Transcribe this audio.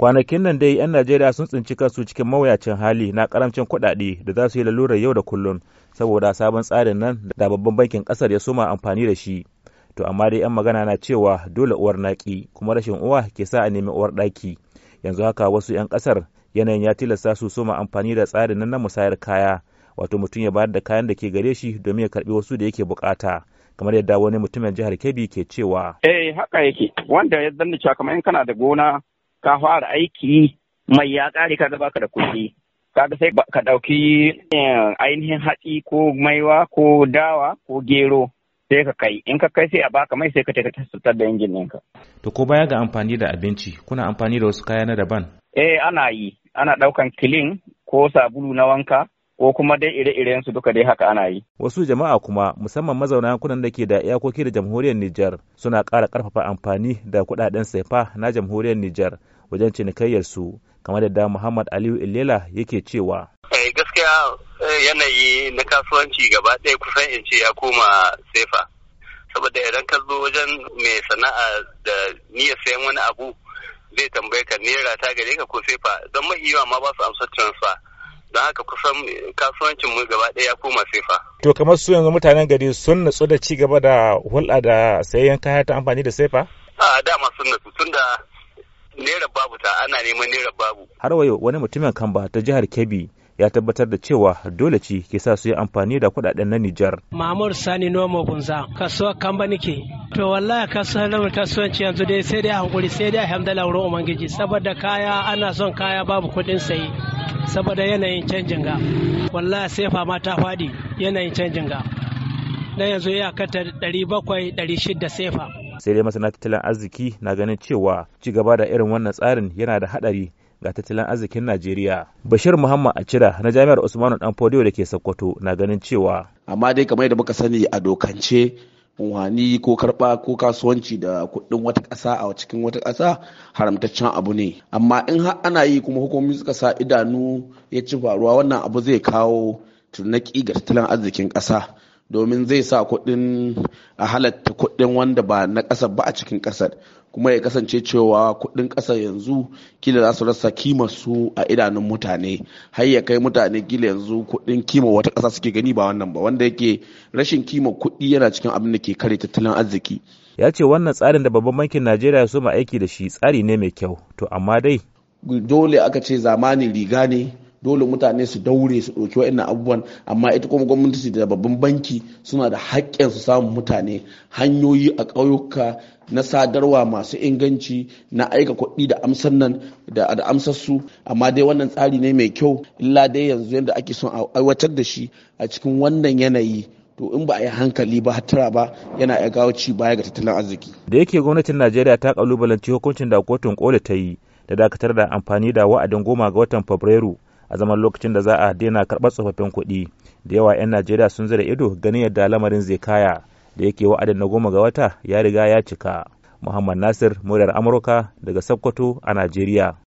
kwanakin nan dai 'yan najeriya sun tsinci kansu cikin mawuyacin hali na karamcin kuɗaɗe da za su yi lalurar yau da kullum saboda sabon tsarin nan da babban bankin ƙasar ya soma amfani da shi to amma dai 'yan magana na cewa dole uwar naƙi kuma rashin uwa ke sa a nemi uwar ɗaki yanzu haka wasu 'yan kasar yanayin ya tilasta su soma amfani da tsarin nan na musayar kaya wato mutum ya bayar da kayan da ke gare shi domin ya karbi wasu da yake bukata kamar yadda wani mutumin jihar kebbi ke cewa eh haka yake wanda ya zanna cewa kamar in kana da gona ka fara aiki mai ya ƙare ka gaba ka da kuɗi kaga sai ka ɗauki eh, ainihin hatsi ko maiwa ko dawa ko gero sai ka kai in ka kai sai a baka mai sai ka taka tattar da injin ɗinka. To ko baya ga amfani da abinci kuna amfani da wasu kaya na daban? Eh ana yi ana ɗaukan kilin ko sabulu na wanka ko kuma dai ire-iren su duka dai haka ana yi. Wasu jama'a kuma musamman mazauna yankunan da ke da iyakoki da jamhuriyar Nijar suna ƙara ƙarfafa amfani da kuɗaɗen saifa na jamhuriyar Nijar wajen cinikayyar su kamar yadda Muhammad Aliyu Ilela yake cewa. Eh, gaskiya eh, yanayi na kasuwanci gaba ɗaya kusan in ce ya koma saifa. Saboda idan ka zo wajen mai sana'a da niyyar sayan wani abu zai tambaye ka naira ta gare ka ko saifa don mahiyawa ma ba su amsa transfer don haka kusan kasuwancin mu gaba ɗaya ya koma sefa. To kamar su yanzu mutanen gari sun natsu da ci gaba da hulɗa da sayayyan kaya ta amfani da sefa? A dama sun natsu tun da naira babu ta ana neman naira babu. Har wayo wani mutumin Kamba ta jihar Kebbi ya tabbatar da cewa dole ci ke sa su yi amfani da kudaden na Nijar. Mamur Sani Noma Bunza, kasuwar Kamba nike. To wallahi kasuwar lamun kasuwanci yanzu dai sai dai hankuri sai dai alhamdulillah wurin Ubangiji saboda kaya ana son kaya babu kuɗin sayi. saboda yanayin canjin ga wallahi sai fama ta fadi yanayin canjin ga na yanzu ya kata 700 600 sefa sai dai masana tattalin arziki na ganin cewa ci gaba da irin wannan tsarin yana da hadari ga tattalin arzikin Najeriya. Bashir Muhammad Acira na Jami'ar Usmanu Dan Fodiyo da ke Sokoto na ganin cewa amma dai kamar yadda muka sani a dokance wani ko karɓa ko kasuwanci da kuɗin wata ƙasa a cikin wata ƙasa haramtaccen abu ne amma in har ana yi kuma hukumomi suka sa idanu ya ci faruwa wannan abu zai kawo tunaki ga tattalin arzikin ƙasa domin zai sa kuɗin a halatta kuɗin wanda ba na ƙasar ba a cikin ƙasar kuma ya kasance cewa kuɗin kasa yanzu kila za su rasa kima su a idanun mutane har ya kai mutane gila yanzu kuɗin kima wata kasa suke gani ba wannan ba wanda yake rashin kima kuɗi yana cikin abin da ke kare tattalin arziki ya ce wannan tsarin da babban bankin najeriya ya so aiki da shi tsari ne mai kyau to amma dai dole aka ce zamani riga ne dole mutane su daure su ɗauki wa'in abubuwan amma ita kuma gwamnati da babban banki suna da haƙƙin su samun mutane hanyoyi a ƙauyuka na sadarwa masu inganci na aika kuɗi da amsar nan da amsar su amma dai wannan tsari ne mai kyau illa dai yanzu yadda ake son a aiwatar da shi a cikin wannan yanayi to in ba a yi hankali ba tara ba yana iya kawo ci baya ga tattalin arziki da yake gwamnatin najeriya ta kalubalanci hukuncin da kotun koli ta yi da dakatar da amfani da wa'adin goma ga watan fabrairu a zaman lokacin da za a daina karɓar tsofaffin kuɗi da yawa 'yan najeriya sun zira ido ganin yadda lamarin zai kaya da yake wa'adin na goma ga wata ya riga ya cika muhammad nasir muryar amurka daga sokoto a najeriya